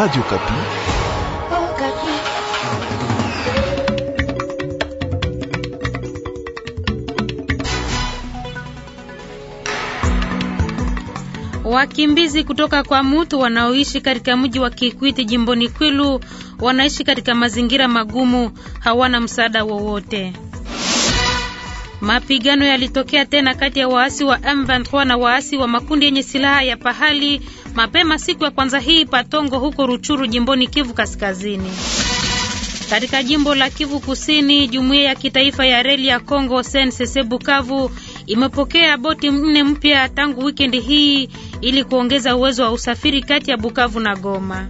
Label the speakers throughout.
Speaker 1: Radio Kapi. Oh,
Speaker 2: Kapi.
Speaker 3: Wakimbizi kutoka kwa Mutu wanaoishi katika mji wa Kikwiti jimboni Kwilu wanaishi katika mazingira magumu, hawana msaada wowote. Mapigano yalitokea tena kati ya waasi wa M23 na waasi wa makundi yenye silaha ya pahali mapema siku ya kwanza hii patongo huko Ruchuru jimboni Kivu Kaskazini. Katika jimbo la Kivu Kusini, jumuiya ya kitaifa ya reli ya Kongo SNCC Bukavu imepokea boti nne mpya tangu wikendi hii ili kuongeza uwezo wa usafiri kati ya Bukavu na Goma.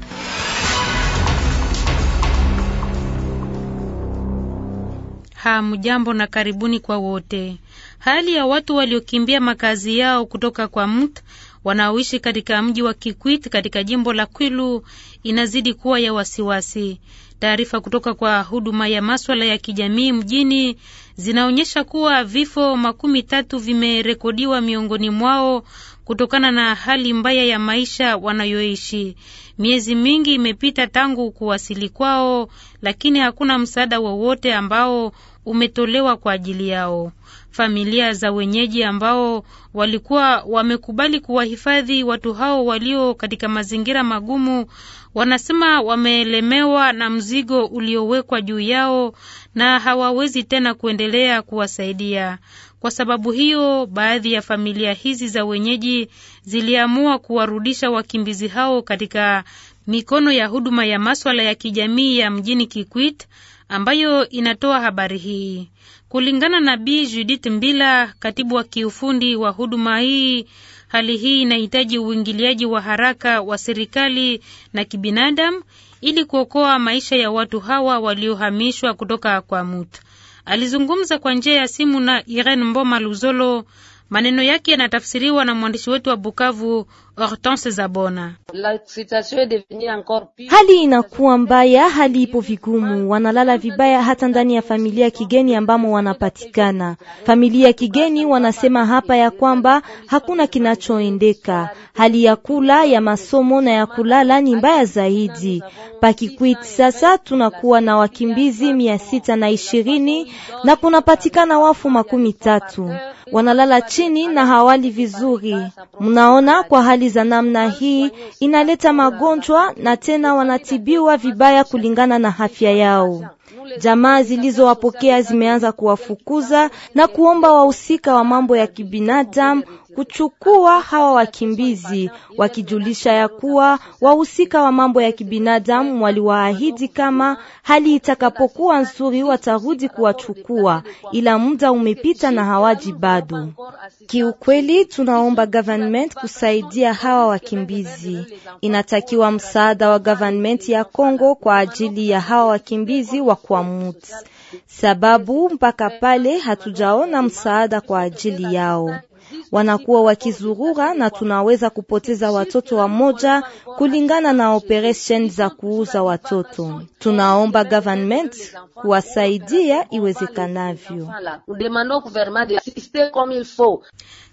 Speaker 3: Hamjambo na karibuni kwa wote. Hali ya watu waliokimbia makazi yao kutoka kwa mtu wanaoishi katika mji wa Kikwit katika jimbo la Kwilu inazidi kuwa ya wasiwasi. Taarifa kutoka kwa huduma ya maswala ya kijamii mjini zinaonyesha kuwa vifo makumi tatu vimerekodiwa miongoni mwao kutokana na hali mbaya ya maisha wanayoishi. Miezi mingi imepita tangu kuwasili kwao, lakini hakuna msaada wowote ambao umetolewa kwa ajili yao. Familia za wenyeji ambao walikuwa wamekubali kuwahifadhi watu hao walio katika mazingira magumu, wanasema wameelemewa na mzigo uliowekwa juu yao na hawawezi tena kuendelea kuwasaidia. Kwa sababu hiyo, baadhi ya familia hizi za wenyeji ziliamua kuwarudisha wakimbizi hao katika mikono ya huduma ya maswala ya kijamii ya mjini Kikwit ambayo inatoa habari hii. Kulingana na Bi Judith Mbila, katibu wa kiufundi wa huduma hii, hali hii inahitaji uingiliaji wa haraka wa serikali na kibinadamu ili kuokoa maisha ya watu hawa waliohamishwa kutoka kwa Mutu. Alizungumza kwa njia ya simu na Irene Mboma Luzolo Maneno yake yanatafsiriwa na mwandishi wetu wa Bukavu, Hortense Zabona.
Speaker 2: Hali inakuwa mbaya, hali ipo vigumu, wanalala vibaya hata ndani ya familia ya kigeni ambamo wanapatikana. Familia ya kigeni wanasema hapa ya kwamba hakuna kinachoendeka, hali ya kula, ya masomo na ya kulala ni mbaya zaidi. Pakikwit sasa tunakuwa na wakimbizi mia sita na ishirini na kunapatikana wafu makumi tatu wanalala chini na hawali vizuri. Mnaona, kwa hali za namna hii inaleta magonjwa na tena wanatibiwa vibaya kulingana na afya yao. Jamaa zilizowapokea zimeanza kuwafukuza na kuomba wahusika wa mambo ya kibinadamu kuchukua hawa wakimbizi, wakijulisha ya kuwa wahusika wa mambo ya kibinadamu waliwaahidi kama hali itakapokuwa nzuri watarudi kuwachukua, ila muda umepita na hawaji bado. Kiukweli tunaomba government kusaidia hawa wakimbizi. Inatakiwa msaada wa government ya Kongo kwa ajili ya hawa wakimbizi wa kwa muti, sababu mpaka pale hatujaona msaada kwa ajili yao. Wanakuwa wakizurura na tunaweza kupoteza watoto wamoja kulingana na operation za kuuza watoto. Tunaomba government kuwasaidia iwezekanavyo.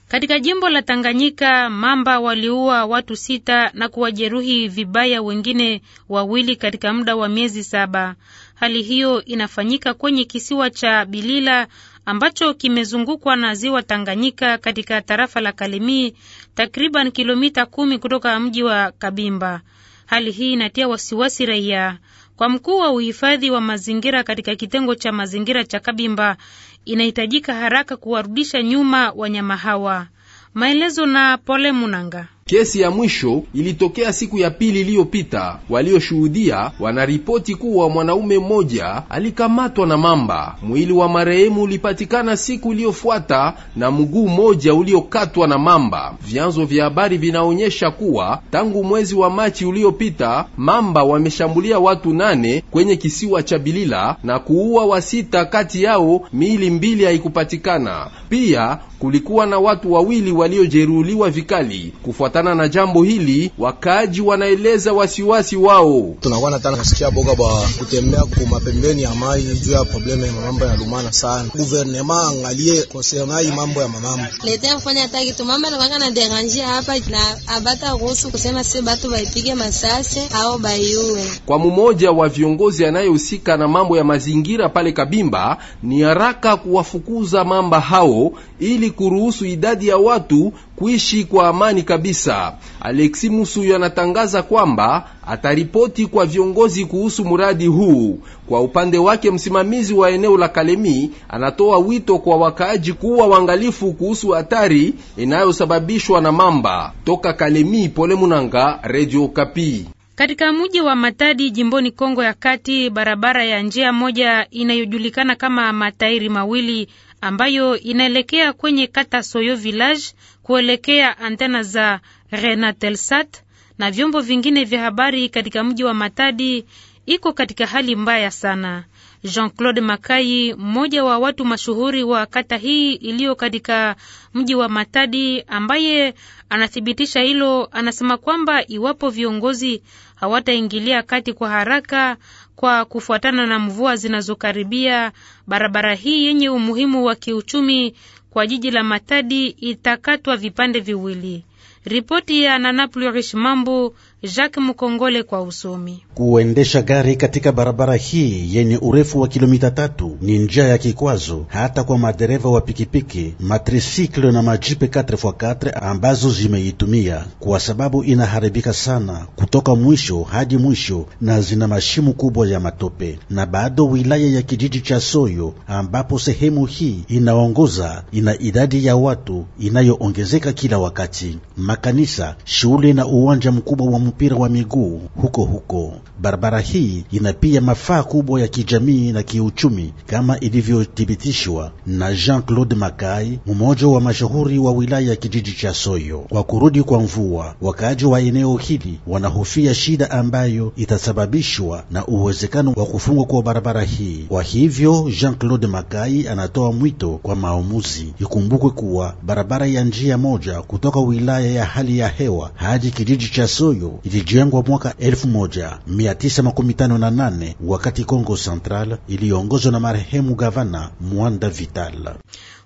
Speaker 3: Katika jimbo la Tanganyika, mamba waliua watu sita na kuwajeruhi vibaya wengine wawili katika muda wa miezi saba. Hali hiyo inafanyika kwenye kisiwa cha Bilila ambacho kimezungukwa na ziwa Tanganyika katika tarafa la Kalemie, takriban kilomita kumi kutoka mji wa Kabimba. Hali hii inatia wasiwasi raia. Kwa mkuu wa uhifadhi wa mazingira katika kitengo cha mazingira cha Kabimba, inahitajika haraka kuwarudisha nyuma wanyama hawa. Maelezo na Pole Munanga.
Speaker 4: Kesi ya mwisho ilitokea siku ya pili iliyopita. Walioshuhudia wanaripoti kuwa mwanaume mmoja alikamatwa na mamba. Mwili wa marehemu ulipatikana siku iliyofuata na mguu mmoja uliokatwa na mamba. Vyanzo vya habari vinaonyesha kuwa tangu mwezi wa Machi uliopita mamba wameshambulia watu nane kwenye kisiwa cha Bilila na kuua wasita, kati yao miili mbili haikupatikana. Pia kulikuwa na watu wawili waliojeruhiwa vikali kufuata Kufuatana na jambo hili, wakaaji wanaeleza wasiwasi wao. Tunakuwa tana kusikia boga ba kutembea kwa mapembeni ya mai juu ya probleme ya mambo ya lumana sana. Guvernema angalie kosemai mambo ya mamamu
Speaker 2: letea kufanya ataki tu mama anakuwa na deranjia hapa na abata ruhusu kusema si batu baipige masase au baiue.
Speaker 4: Kwa mmoja wa viongozi anayehusika na mambo ya mazingira pale Kabimba, ni haraka kuwafukuza mamba hao ili kuruhusu idadi ya watu kuishi kwa amani kabisa. Alexi Musuyo anatangaza kwamba ataripoti kwa viongozi kuhusu mradi huu. Kwa upande wake, msimamizi wa eneo la Kalemi anatoa wito kwa wakaaji kuwa wangalifu kuhusu hatari inayosababishwa na mamba. Toka Kalemi, Pole Munanga, Radio Kapi.
Speaker 3: Katika mji wa Matadi jimboni Kongo ya Kati, barabara ya njia moja inayojulikana kama matairi mawili ambayo inaelekea kwenye kata Soyo Village kuelekea antena za Renatelsat na vyombo vingine vya habari katika mji wa Matadi iko katika hali mbaya sana. Jean-Claude Makai, mmoja wa watu mashuhuri wa kata hii iliyo katika mji wa Matadi, ambaye anathibitisha hilo, anasema kwamba iwapo viongozi hawataingilia kati kwa haraka kwa kufuatana na mvua zinazokaribia, barabara hii yenye umuhimu wa kiuchumi kwa jiji la Matadi itakatwa vipande viwili. Ripoti ya Nanaplu Rish Mambu Jacques Mukongole kwa usomi.
Speaker 5: Kuendesha gari katika barabara hii yenye urefu wa kilomita tatu ni njia ya kikwazo hata kwa madereva wa pikipiki, matrisiklo na majipe 4x4 ambazo zimeitumia kwa sababu inaharibika sana kutoka mwisho hadi mwisho na zina mashimu kubwa ya matope. Na bado wilaya ya kijiji cha Soyo ambapo sehemu hii inaongoza ina idadi ya watu inayoongezeka kila wakati. Makanisa, shule na uwanja mkubwa wa mpira wa miguu huko huko. Barabara hii ina pia mafaa kubwa ya kijamii na kiuchumi kama ilivyothibitishwa na Jean-Claude Makai, mmoja wa mashuhuri wa wilaya ya kijiji cha Soyo. Kwa kurudi kwa mvua, wakaaji wa eneo hili wanahofia shida ambayo itasababishwa na uwezekano wa kufungwa kwa barabara hii. Kwa hivyo, Jean-Claude Makai anatoa mwito kwa maamuzi. Ikumbukwe kuwa barabara ya njia moja kutoka wilaya ya hali ya hewa hadi kijiji cha Soyo ilijengwa mwaka 1958 wakati Congo Central iliongozwa na marehemu gavana Mwanda Vital.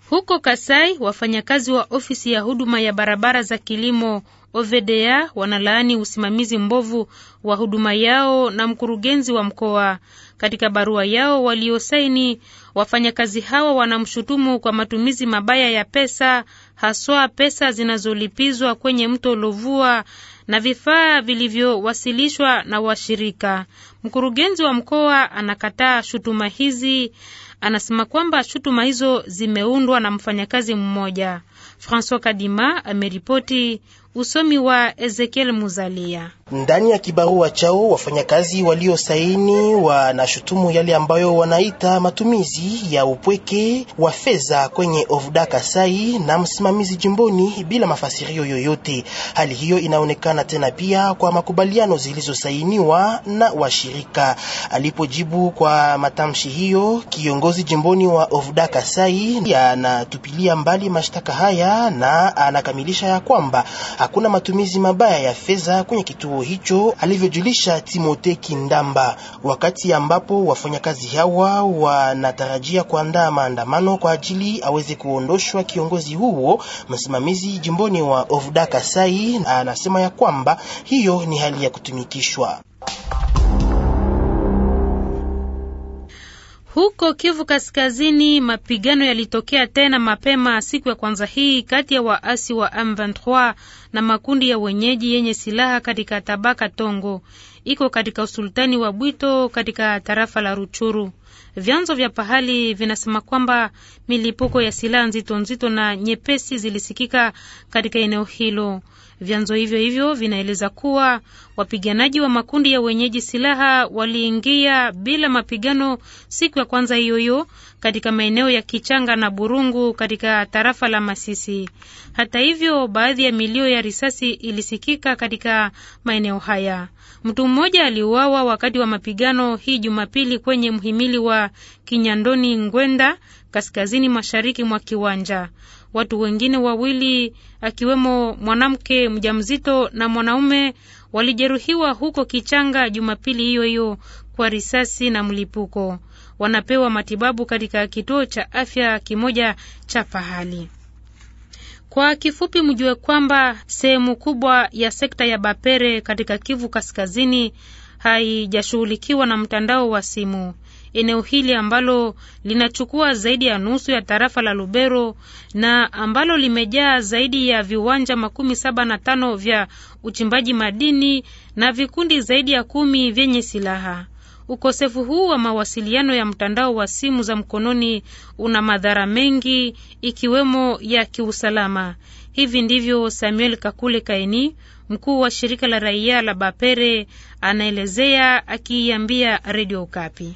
Speaker 3: Huko Kasai, wafanyakazi wa ofisi ya huduma ya barabara za kilimo OVDA wanalaani usimamizi mbovu wa huduma yao na mkurugenzi wa mkoa. Katika barua yao waliosaini, wafanyakazi hawa wanamshutumu kwa matumizi mabaya ya pesa, haswa pesa zinazolipizwa kwenye mto Lovua na vifaa vilivyowasilishwa na washirika. Mkurugenzi wa mkoa anakataa shutuma hizi, anasema kwamba shutuma hizo zimeundwa na mfanyakazi mmoja. Francois Kadima ameripoti. Usomi wa Ezekiel Muzalia.
Speaker 4: Ndani ya kibarua chao wafanyakazi waliosaini wanashutumu yale ambayo wanaita matumizi ya upweke wa fedha kwenye Ovda Kasai na msimamizi jimboni bila mafasirio yoyote. Hali hiyo inaonekana tena pia kwa makubaliano zilizosainiwa na washirika. Alipojibu kwa matamshi hiyo, kiongozi jimboni wa Ovda Kasai anatupilia mbali mashtaka haya na anakamilisha ya kwamba hakuna matumizi mabaya ya fedha kwenye kituo hicho, alivyojulisha Timote Kindamba, wakati ambapo wafanyakazi hawa wanatarajia kuandaa maandamano kwa ajili aweze kuondoshwa kiongozi huo. Msimamizi jimboni wa Ovda Kasai anasema ya kwamba hiyo ni hali ya kutumikishwa.
Speaker 3: Huko Kivu Kaskazini, mapigano yalitokea tena mapema siku ya kwanza hii kati ya waasi wa M23 na makundi ya wenyeji yenye silaha katika tabaka Tongo iko katika usultani wa Bwito katika tarafa la Ruchuru. Vyanzo vya pahali vinasema kwamba milipuko ya silaha nzito nzito na nyepesi zilisikika katika eneo hilo. Vyanzo hivyo hivyo vinaeleza kuwa wapiganaji wa makundi ya wenyeji silaha waliingia bila mapigano siku ya kwanza hiyo hiyo katika maeneo ya Kichanga na Burungu katika tarafa la Masisi. Hata hivyo, baadhi ya milio ya risasi ilisikika katika maeneo haya. Mtu mmoja aliuawa wakati wa mapigano hii Jumapili kwenye mhimili wa Kinyandoni Ngwenda, kaskazini mashariki mwa Kiwanja. Watu wengine wawili akiwemo mwanamke mjamzito na mwanaume walijeruhiwa huko Kichanga Jumapili hiyo hiyo kwa risasi na mlipuko. Wanapewa matibabu katika kituo cha afya kimoja cha Pahali. Kwa kifupi, mjue kwamba sehemu kubwa ya sekta ya Bapere katika Kivu Kaskazini haijashughulikiwa na mtandao wa simu. Eneo hili ambalo linachukua zaidi ya nusu ya tarafa la Lubero na ambalo limejaa zaidi ya viwanja makumi saba na tano vya uchimbaji madini na vikundi zaidi ya kumi vyenye silaha. Ukosefu huu wa mawasiliano ya mtandao wa simu za mkononi una madhara mengi ikiwemo ya kiusalama. Hivi ndivyo Samuel Kakule Kaini, mkuu wa shirika la raia la Bapere, anaelezea akiiambia redio Okapi.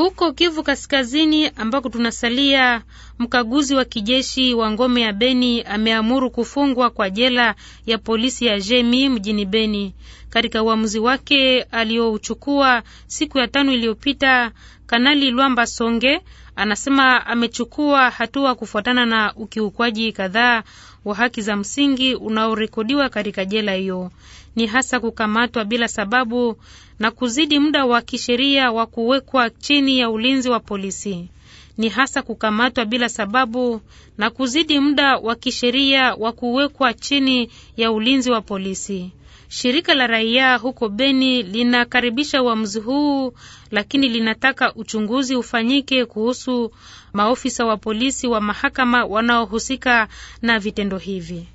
Speaker 3: Huko Kivu Kaskazini ambako tunasalia, mkaguzi wa kijeshi wa ngome ya Beni ameamuru kufungwa kwa jela ya polisi ya Jemi mjini Beni. Katika uamuzi wake aliyouchukua siku ya tano iliyopita, Kanali Lwamba Songe anasema amechukua hatua kufuatana na ukiukwaji kadhaa wa haki za msingi unaorekodiwa katika jela hiyo ni hasa kukamatwa bila sababu na kuzidi muda wa kisheria wa kuwekwa chini ya ulinzi wa polisi. Ni hasa kukamatwa bila sababu na kuzidi muda wa kisheria wa kuwekwa chini ya ulinzi wa polisi. Shirika la raia huko Beni linakaribisha uamuzi huu, lakini linataka uchunguzi ufanyike kuhusu maofisa wa polisi wa mahakama wanaohusika na vitendo hivi.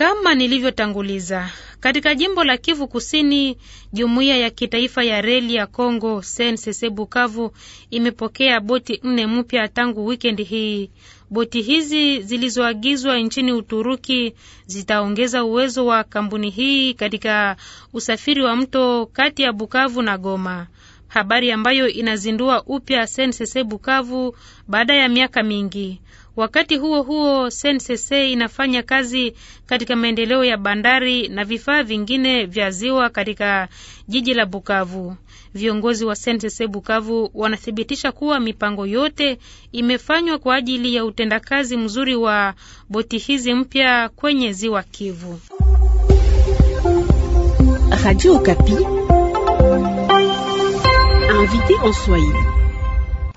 Speaker 3: Kama nilivyotanguliza, katika jimbo la Kivu Kusini, jumuiya ya kitaifa ya reli ya Congo SNCC Bukavu imepokea boti nne mpya tangu wikendi hii. Boti hizi zilizoagizwa nchini Uturuki zitaongeza uwezo wa kampuni hii katika usafiri wa mto kati ya Bukavu na Goma, habari ambayo inazindua upya SNCC Bukavu baada ya miaka mingi. Wakati huo huo, SNCC inafanya kazi katika maendeleo ya bandari na vifaa vingine vya ziwa katika jiji la Bukavu. Viongozi wa SNCC Bukavu wanathibitisha kuwa mipango yote imefanywa kwa ajili ya utendakazi mzuri wa boti hizi mpya kwenye ziwa Kivu.
Speaker 4: Radio Kapi. Invité en Swahili.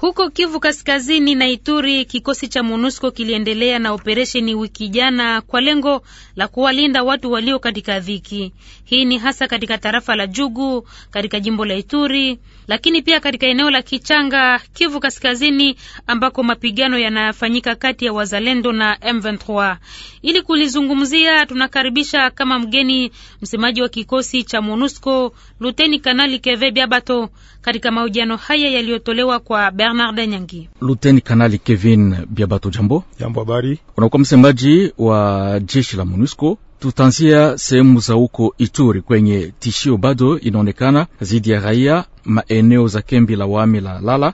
Speaker 3: Huko Kivu Kaskazini na Ituri, kikosi cha MONUSCO kiliendelea na operesheni wiki jana kwa lengo la kuwalinda watu walio katika dhiki. Hii ni hasa katika tarafa la Jugu katika jimbo la Ituri, lakini pia katika eneo la Kichanga, Kivu Kaskazini, ambako mapigano yanafanyika kati ya wazalendo na M23. Ili kulizungumzia, tunakaribisha kama mgeni msemaji wa kikosi cha MONUSCO Luteni Kanali Keve Biabato katika mahojiano haya yaliyotolewa kwa Ber Bernard Nyangi.
Speaker 6: Luteni Kanali Kevin Biabato, jambo. Jambo, habari. Unakuwa msemaji wa jeshi la MONUSCO. Tutanzia sehemu za huko Ituri kwenye tishio bado inaonekana dhidi ya raia maeneo za kembi la wami la Lala.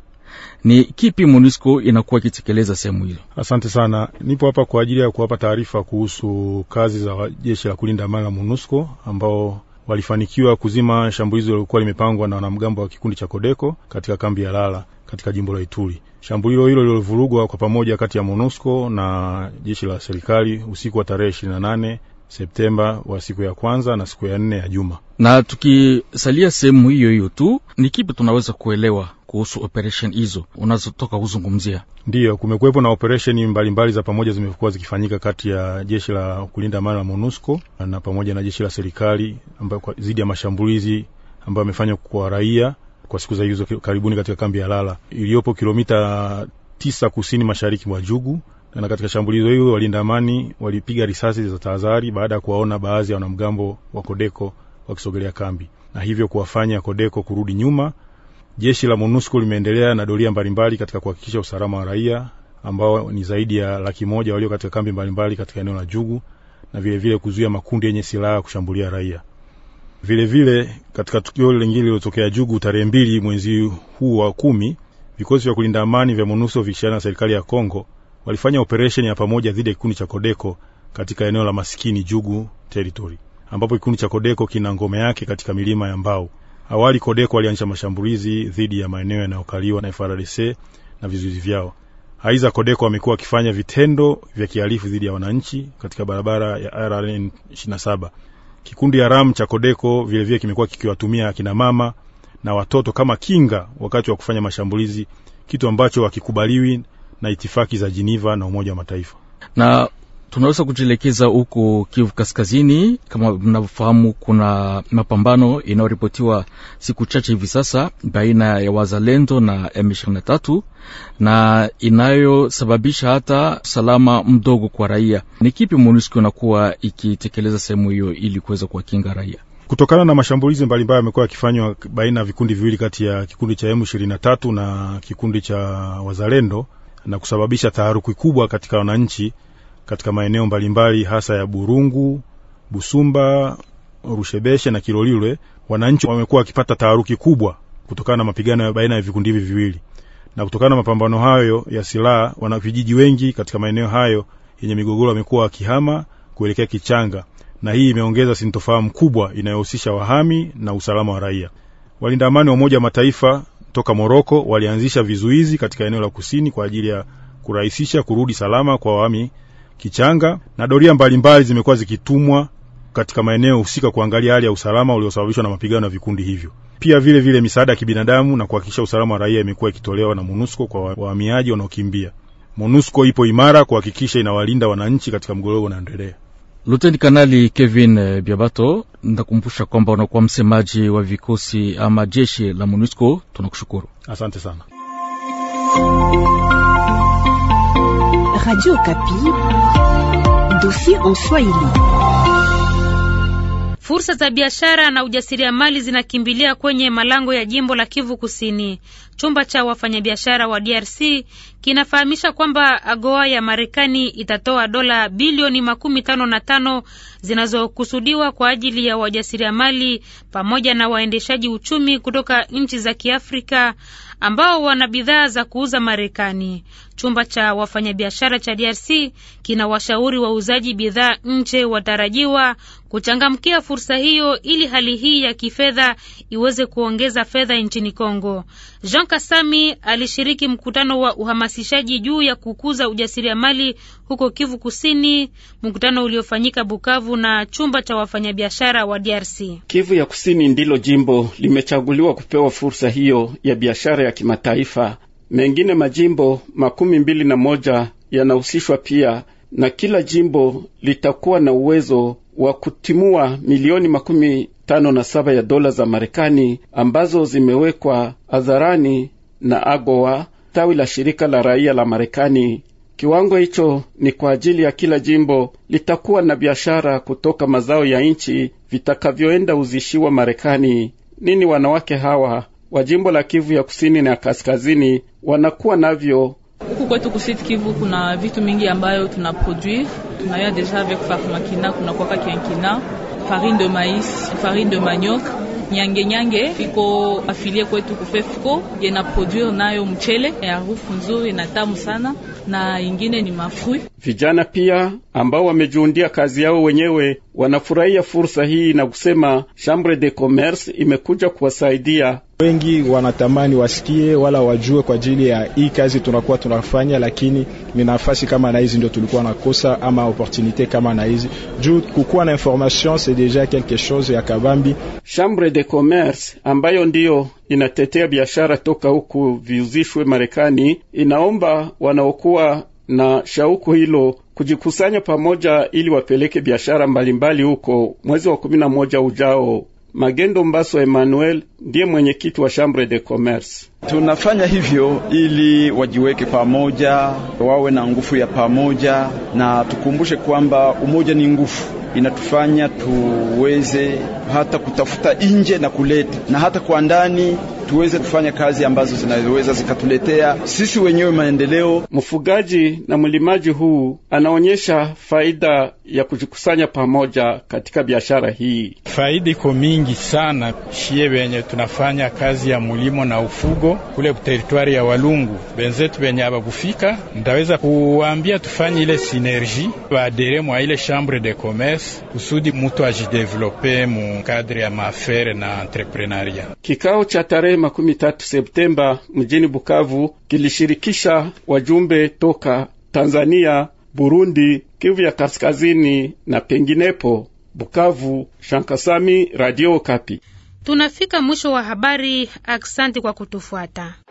Speaker 6: Ni kipi MONUSCO inakuwa ikitekeleza sehemu hiyo? Asante sana.
Speaker 1: Nipo hapa kwa ajili ya kuwapa taarifa kuhusu kazi za jeshi la kulinda amani la MONUSCO ambao walifanikiwa kuzima shambulizi lililokuwa limepangwa na wanamgambo wa kikundi cha Kodeko katika kambi ya Lala katika jimbo la Ituri. Shambulio hilo lililovurugwa kwa pamoja kati ya MONUSCO na jeshi la serikali usiku wa tarehe 28 Septemba wa siku ya kwanza na siku ya nne ya juma.
Speaker 6: Na tukisalia sehemu hiyo hiyo tu, ni kipi tunaweza kuelewa kuhusu operation hizo unazotoka kuzungumzia?
Speaker 1: Ndiyo, kumekuwepo na operesheni mbalimbali za pamoja zimekuwa zikifanyika kati ya jeshi la kulinda amani la MONUSCO na pamoja na jeshi la serikali zidi ya mashambulizi ambayo amefanywa kwa raia kwa siku za hizo karibuni katika kambi ya Lala iliyopo kilomita tisa kusini mashariki mwa Jugu na katika shambulizo hilo walinda amani walipiga risasi za tahadhari baada ya kuwaona baadhi ya wanamgambo wa Kodeko wakisogelea kambi na hivyo kuwafanya Kodeko kurudi nyuma. Jeshi la MONUSCO limeendelea na doria mbalimbali katika kuhakikisha usalama wa raia ambao ni zaidi ya laki moja walio katika kambi mbalimbali katika eneo la Jugu na vilevile kuzuia makundi yenye silaha kushambulia raia. Vilevile vile, katika tukio lingine lililotokea Jugu tarehe mbili mwezi huu wa kumi, vikosi vya kulinda amani vya MONUSCO vishana na serikali ya Kongo walifanya operesheni ya pamoja dhidi ya kikundi cha Kodeko katika eneo la masikini Jugu territory, ambapo kikundi cha Kodeko kina ngome yake katika milima ya Mbao. Awali Kodeko walianzisha mashambulizi dhidi ya maeneo yanayokaliwa na FARDC na vizuizi vyao. Aiza, Kodeko amekuwa akifanya vitendo vya kihalifu dhidi ya wananchi katika barabara ya RN 27 Kikundi haramu cha Kodeko vilevile kimekuwa kikiwatumia akina mama na watoto kama kinga wakati wa kufanya mashambulizi, kitu ambacho hakikubaliwi na itifaki za Jiniva na Umoja wa Mataifa.
Speaker 6: Na tunaweza kujielekeza huko Kivu Kaskazini. Kama mnavyofahamu, kuna mapambano inayoripotiwa siku chache hivi sasa baina ya wazalendo na M23 na inayosababisha hata usalama mdogo kwa raia. Ni kipi MONUSCO inakuwa ikitekeleza sehemu hiyo ili kuweza kuwakinga raia
Speaker 1: kutokana na mashambulizi mbalimbali yamekuwa yakifanywa baina ya vikundi viwili kati ya kikundi cha M23 na kikundi cha wazalendo na kusababisha taharuki kubwa katika wananchi katika maeneo mbalimbali hasa ya Burungu, Busumba, Rushebeshe na Kilolilwe, wananchi wamekuwa wakipata taharuki kubwa kutokana na mapigano ya baina ya vikundi hivi viwili, na kutokana na mapambano hayo ya silaha, wana vijiji wengi katika maeneo hayo yenye migogoro wamekuwa wakihama kuelekea Kichanga, na hii imeongeza sintofahamu kubwa inayohusisha wahami na usalama wa raia. Walinda amani wa Umoja wa Mataifa toka Moroko walianzisha vizuizi katika eneo la kusini kwa ajili ya kurahisisha kurudi salama kwa wahami kichanga na doria mbalimbali zimekuwa zikitumwa katika maeneo husika kuangalia hali ya usalama uliosababishwa na mapigano ya vikundi hivyo. Pia vile vile misaada ya kibinadamu na kuhakikisha usalama wa raia imekuwa ikitolewa na MONUSCO kwa wahamiaji wanaokimbia. MONUSCO ipo imara kuhakikisha inawalinda wananchi katika mgogoro unaendelea.
Speaker 6: Luteni Kanali Kevin eh, Biabato, ndakumbusha kwamba unakuwa msemaji wa vikosi ama jeshi la MONUSCO. Tunakushukuru, asante sana.
Speaker 3: Radio Kapi, dossier en Swahili. Fursa za biashara na ujasiriamali zinakimbilia kwenye malango ya jimbo la Kivu Kusini. Chumba cha wafanyabiashara wa DRC kinafahamisha kwamba AGOA ya Marekani itatoa dola bilioni makumi tano na tano zinazokusudiwa kwa ajili ya wajasiriamali pamoja na waendeshaji uchumi kutoka nchi za Kiafrika ambao wana bidhaa za kuuza Marekani. Chumba cha wafanyabiashara cha DRC kina washauri wauzaji bidhaa nje watarajiwa kuchangamkia fursa hiyo ili hali hii ya kifedha iweze kuongeza fedha nchini Kongo. Jean Kasami alishiriki mkutano wa uhamasishaji juu ya kukuza ujasiriamali huko Kivu Kusini, mkutano uliofanyika Bukavu na chumba cha wafanyabiashara wa DRC.
Speaker 7: Kivu ya Kusini ndilo jimbo limechaguliwa kupewa fursa hiyo ya biashara ya kimataifa Mengine majimbo makumi mbili na moja yanahusishwa pia, na kila jimbo litakuwa na uwezo wa kutimua milioni makumi tano na saba ya dola za Marekani ambazo zimewekwa hadharani na AGOA, tawi la shirika la raia la Marekani. Kiwango hicho ni kwa ajili ya kila jimbo litakuwa na biashara kutoka mazao ya nchi vitakavyoenda uzishiwa Marekani. Nini wanawake hawa wa jimbo la Kivu ya kusini na kaskazini wanakuwa navyo.
Speaker 3: Huku kwetu kusit Kivu kuna vitu mingi ambayo tuna produire tunaya deja avec farmakina, kuna kwaka kienkina, farine de mais, farine de manioc nyange nyange iko afilie kwetu kufefuko yena produire nayo mchele ya harufu nzuri na tamu sana, na ingine ni mafui.
Speaker 7: Vijana pia ambao wamejiundia kazi yao wenyewe wanafurahia fursa hii na kusema chambre de commerce imekuja kuwasaidia
Speaker 1: wengi wanatamani wasikie wala wajue kwa ajili ya hii kazi tunakuwa tunafanya, lakini ni nafasi kama na hizi ndio tulikuwa nakosa, ama opportunite kama na hizi juu kukuwa na information c'est deja quelque chose ya kabambi.
Speaker 7: Chambre de commerce ambayo ndiyo inatetea biashara toka huku viuzishwe Marekani, inaomba wanaokuwa na shauku hilo kujikusanya pamoja ili wapeleke biashara mbalimbali huko mwezi wa kumi na moja ujao. Magendo Mbaso Emmanuel ndiye mwenyekiti wa Chambre de Commerce. Tunafanya hivyo ili wajiweke pamoja, wawe na nguvu ya pamoja, na tukumbushe kwamba umoja ni nguvu, inatufanya tuweze hata kutafuta nje na kuleta na hata kwa ndani tuweze kufanya kazi ambazo zinaweza zikatuletea sisi wenyewe maendeleo. Mfugaji na mlimaji huu anaonyesha faida ya kujikusanya pamoja katika biashara hii.
Speaker 1: Faida iko mingi sana shie wenye tunafanya kazi ya mulimo na ufugo kule teritwari ya Walungu, benzetu wenye abakufika, ndaweza kuwambia tufanye ile sinerji baadere mwa ile chambre de commerce kusudi mutu ajidevelope mu kadre ya mafere na entrepreneuria. Kikao
Speaker 7: cha tarehe makumi tatu Septemba mjini Bukavu kilishirikisha wajumbe toka Tanzania, Burundi, Kivu ya kaskazini na penginepo. Bukavu, Shankasami, Radio Kapi.
Speaker 3: Tunafika mwisho wa habari. Aksanti kwa kutufuata.